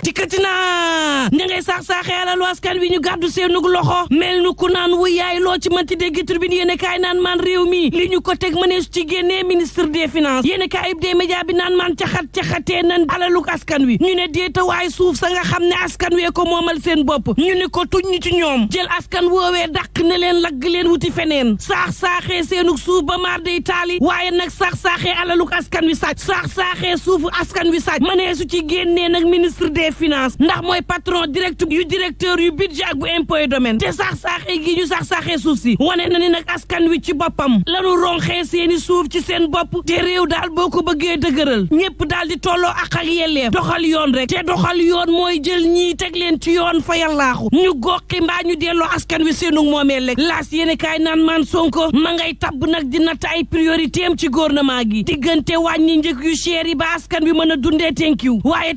dikkati naa ña ngay saax-saaxee alalu askan wi ñu gàddu seenug loxo mel nu ku naan wu yaay loo ci mënti dégg turbine yéen kaay naan maan réew mi li ñu ko teg mënees ci génnee ministre des finances yéen kaay yib des médias bi naan maan caxat-caxatee nan alalug askan wi ñu ne déetawaay suuf sa nga xam ne askan wee ko moomal seen bopp ñu ne ko tuñ ci ñoom jël askan woowee dàq ne leen lagg leen wuti feneen saax-saaxee seenug suuf ba maar day taali waaye nag saax-saaxee alalug askan wi sàcc saax-saaxee suufu askan wi sàcc mëneesu ci génnee nag ministre des finances ndax mooy patron direct yu directeur yu budget ak bu impôt et domaine te sax saaxee gi ñu sax saaxee suuf si wane na ni nag askan wi ci boppam lanu ronxee seeni suuf ci seen bopp te réew daal boo ko bëggee dëgëral ñépp daal di tolloo ak ak yelleef doxal yoon rek te doxal yoon mooy jël ñii teg leen ci yoon fa yàllaaxu ñu goqi mbaa ñu delloo askan wi seenu moomee rek laas yéene kaay naan man Sonko ma ngay tabb nag di natt ay priorité am ci gouvernement gi diggante wàññi njëg yu cher yi ba askan wi mën a dundee tenkiw waaye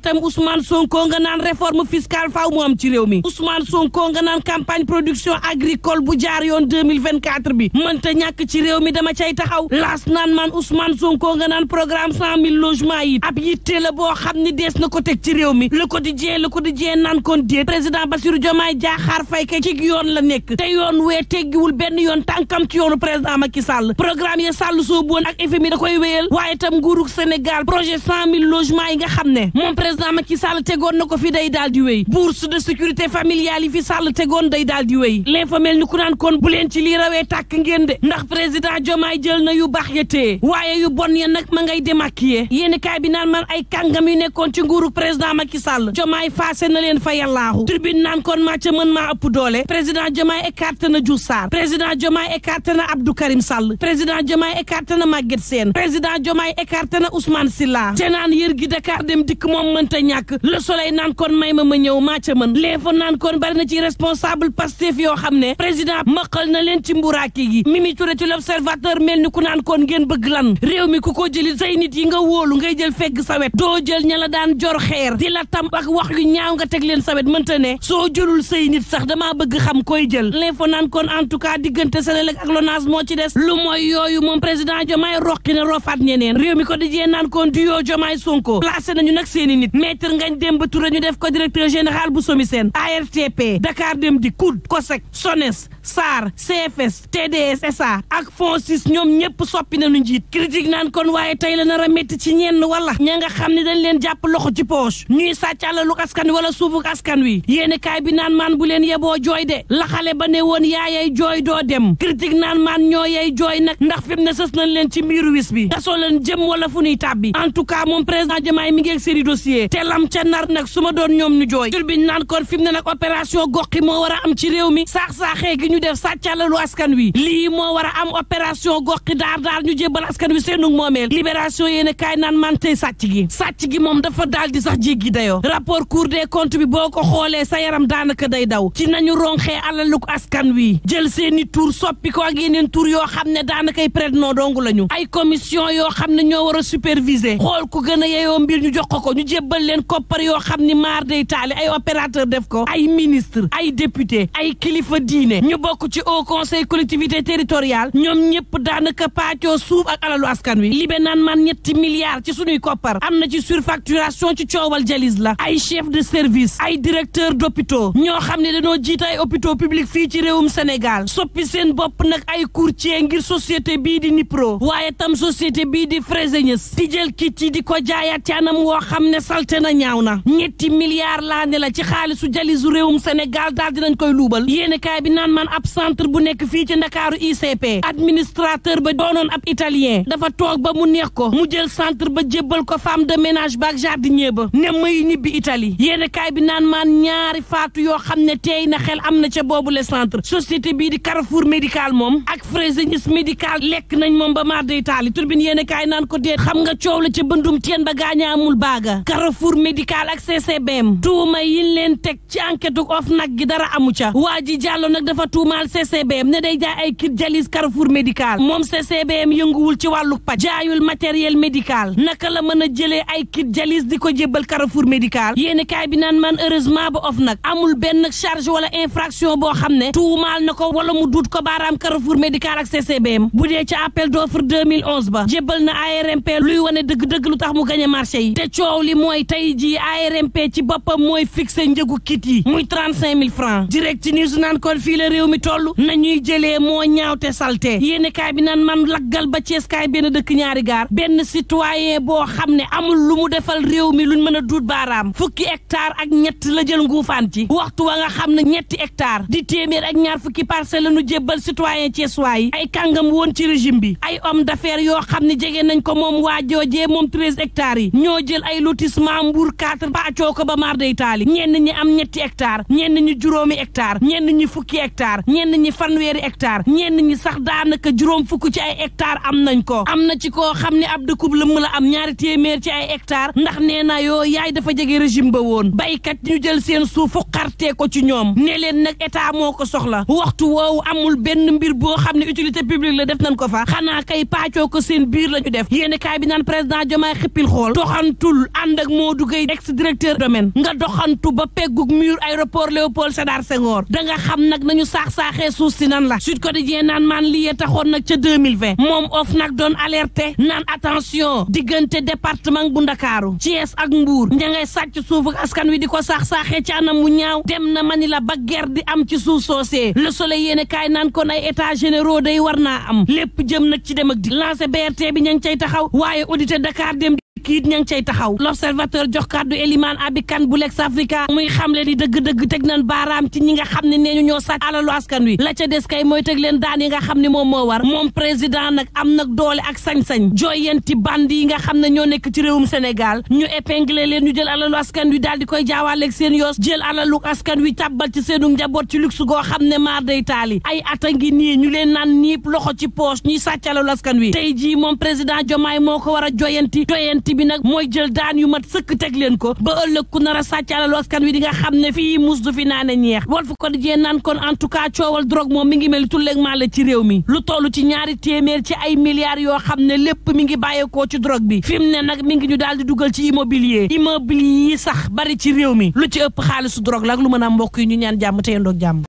Sonko nga naan réforme fiscale faaw mu am ci réew mi Ousmane Sonko nga naan campagne production agricole bu jaar yoon bi mënta ñàkk ci réew mi dama cay taxaw laas naan man Ousmane Sonko nga naan programme 100000 logements yi ab yitte la boo xam ni dees na ko teg ci réew mi Le Quotidien Le Quotidien naan kon déet président Bassirou Diomaye Diakhar Faye ke ci yoon la nekk te yoon wee teggiwul benn yoon tànkam ci yoonu président Macky Sall programme ya Sall soobu woon ak FMI da koy wéyal waaye tam nguurug Sénégal projet 100000 logements yi nga xam ne moom président Macky Sall tego tegoon na ko fi day daal di wéy bourse de sécurité familiale yi fi sàll tegoon day daal di wéy l'info mel ni ku naan kon bu leen ci lii rawee tàkk ngeen de ndax président Diomaye jël na yu baax ya téye waaye yu bon ya nag ma ngay démaquillé yéeni kaay bi naan man ay kàngam yu nekkoon ci nguuru président Macky Sall Diomaye faase na leen fa yàllaahu tribune naan kon maa ca mën maa ëpp doole président Diomaye écarté na Diouf Sarr président Diomaye écarté na Abdou Karim Sall président Diomaye écarté na Maguette Sène président Diomaye écarté na Ousmane Silla te naan gi Dakar dem dikk moom mënta ñàkk soleil naan kon may ma ma ñëw maa ca mën l'info naan kon bari na ci responsable Pastef yoo xam ne président maqal na leen ci mburaaki gi Mimi Touré ci l'observateur mel ni ku naan kon ngeen bëgg réew mi ku ko jëli say nit yi nga wóolu ngay jël fegg sa wet doo jël ña la daan jor xeer di la tam wax yu ñaaw nga teg leen sawet wet mënta ne soo jëlul say nit sax dama bëg xam koy jël l'info naan kon en tout cas diggante Senelec ak Lonase moo ci des lu mooy yooyu moom président Diomaye roqi na rofaat ñeneen mi ko dijee naan kon du yoo Diomaye Sonko placé Touré ñu def ko directeur général bu SOMISEN ARTP Dakar Dem Dikk COUD COSEC SONES SAR CFS TDS SA ak FONSIS ñoom ñëpp soppi nañu njiit critique naan kon waaye tey la nar a métti ci ñenn wala ña nga xam ne dañ leen jàpp loxo ci poche ñuy sàcc lu askan wala suufuk askan wi yéeni kaay bi naan maan bu leen yeboo jooy de la xale ba ne woon yaayay jooy doo dem critique naan maan ñoo yay jooy nag ndax fi mu ne sës nañ leen ci miiru wis bi gasoo leen jëm wala fu nuy tàbbi en tout cas moom président Diomaye mi ngi ak seeni te lam ca nar nag ñoom ñu jooy naan kon fi mu ne nag opération gox moo war a am ci mi ñu def sàccalalu askan wi lii moo war a am opération goqi daar daar ñu jébbal askan wi seenug moomeel libération yéen kaay naan man tey sàcc gi sàcc gi moom dafa daal di sax jéggi dayoo rapport cour des comptes bi boo ko xoolee sa yaram daanaka day daw ci nañu ronxee alaluk askan wi jël seeni tur soppi ko ak yeneen tur yoo xam ne daanakay prête-nom dong lañu ay commission yoo xam ne ñoo war a superviser xool ku gën a yeyoo mbir ñu jox ko ñu jébbal leen koppar yoo xam ni maar day taali ay ko ay ministre ay député bokk ci haut conseil collectivité territoriale ñoom ñëpp daanaka paacoo suuf ak alalu askan wi libe naan man ñetti milliards ci suñuy koppar am na ci surfacturation ci coowal jalis la ay chef de service ay directeur d'hôpitaux ñoo xam ne dañoo jiite ay hôpitaux publics fii ci réewum Sénégal soppi seen bopp nag ay courtier ngir societé bii di Nipro waaye tam société bii di Fresenius di jël kit yi di ko jaayaat ci anam woo xam ne salte na ñaaw na ñetti milliards laa ci xaalisu jalisu réewum Sénégal daal dinañ koy luubal yéene ab centre bu nekk fii ci ndakaaru ICP administrateur ba doonoon ab italien dafa toog ba mu neex ko mu jël centre ba jébbal ko femme de ménage ba ak jardinier ba ne may ñibbi itali yéen bi naan maan ñaari faatu yoo xam ne teey na xel am na ca boobu le centre société bii di Carrefour médical moom ak Fresenius médical lekk nañ moom ba maar day taali turbine yéen naan ko déet xam nga coow la ca bëndum teen ba gaaña baaga Carrefour médical ak CCBM tuuma yi leen teg ci enquête nag gi dara amu ca tuumaal CCBM ne day jaay ay kit jalis Carrefour médical moom CCBM yënguwul ci wàllu paj jaayul matériel médical naka la mën a jëlee ay kit jalis di ko jébbal Carrefour médical yéen kaay bi nan man heureusement ba of nag amul benn charge wala infraction boo xam ne tuumaal na ko wala mu duut ko baaraam Carrefour médical ak CCBM bu dee ci appel d'offre 2011 ba jébbal na ARMP luy wane dëgg-dëgg lu tax mu gañe marché yi te coow li mooy tey jii ARMP ci boppam mooy fixé njëgu kit yi muy 35000 francs direct ci réew mi toll ñuy jëlee moo ñaaw salte yéen kaay bi nan man laggal ba Cees kaay benn dëkk ñaari gaar benn citoyen boo xam ne amul lu mu defal réew mi lu ñu mën a duut baaraam fukki hectare ak ñett la jël nguufaan ci waxtu wa nga xam ne ñetti hectare di téeméer ak ñaar fukki parcelle la ñu jébbal citoyen Cees waay ay kàngam woon ci régime bi ay homme d'affaires yoo xam ne jege nañ ko moom waa joojee moom treize hectares yi ñoo jël ay lotissement Mbour quatre pàccoo ko ba mar day taali ñenn ñi am ñetti hectare ñenn ñi juróomi hectare ñenn ñi fukki hectare hectares ñenn ñi fanweeri hectare ñenn ñi sax daanaka juróom fukk ci ay hectare am nañ ko am na ci koo xam ne ab dëkkub lëmm la am ñaari téeméer ci ay hectare ndax nee na yoo yaay dafa jege régime ba woon baykat ñu jël seen suufu xartee ko ci ñoom ne leen nag état moo ko soxla waxtu woowu amul benn mbir boo xam ne utilité publique la def nañ ko fa xanaa kay paacoo ko seen biir la ñu def yéeni kaay bi naan président Diomaye xippil xool doxantul ànd ak moo Gueye ex directeur domaine nga doxantu ba peggug mur aéroport Léopold Sédar Senghor da nga xam nag nañu saa saax-saaxee suuf si nan la Sud Quotidien naan maan liyee taxoon nag ca mil 2020 moom of nag doon alerté naan attention diggante département bu Ndakaaru Thiès ak Mbour ña ngay sàcc suufu askan wi di ko saax-saaxee ci anam mu ñaaw dem na mani la ba guerre di am ci suuf soosee Le Soleil yéene kaay naan kon ay état générau day war naa am lépp jëm nag ci dem ak di lancé BRT bi ña ngi cay taxaw waaye audité Dakar dem kiit it ngi cay taxaw l'observateur jox kàddu Eliman Abi kan bu Lex Africa muy xamle ni dëgg-dëgg teg nañ baaraam ci ñi nga xam ne nee ñu ñoo sàcc alalu askan wi la ca des kay mooy teg leen daan yi nga xam ne moom moo war moom président nag am nag doole ak sañ-sañ jooyenti band yi nga xam ne ñoo nekk ci réewum Sénégal ñu épinglé leen ñu jël alalu askan wi daal di koy jaawaaleeg seen yoos jël alalu askan wi tàbbal ci seenu njaboot ci luxe goo xam ne maar day taali ay ata ngi nii ñu leen naan niip loxo ci poche ñuy sàcc alalu wi tey jii moom président Diomaye moo ko war a joyanti bi nag mooy jël daan yu mat sëkk teg leen ko ba ëllëg ku nar a sàcc wi di nga xam ne fii mus du fi naane ñeex Walf Quotidien naan kon en tout cas coowal drogue moom mi ngi mel tulleeg leen la ci réew mi lu toll ci ñaari téeméer ci ay milliards yoo xam ne lépp mi ngi bàyyeekoo ci drog bi fi mu ne nag mi ngi ñu daal di dugal ci immobilier immobilier yi sax bari ci réew mi lu ci ëpp xaalisu drog la lu mën a mbokk yi ñu ñaan jàmm te yendoog jàmm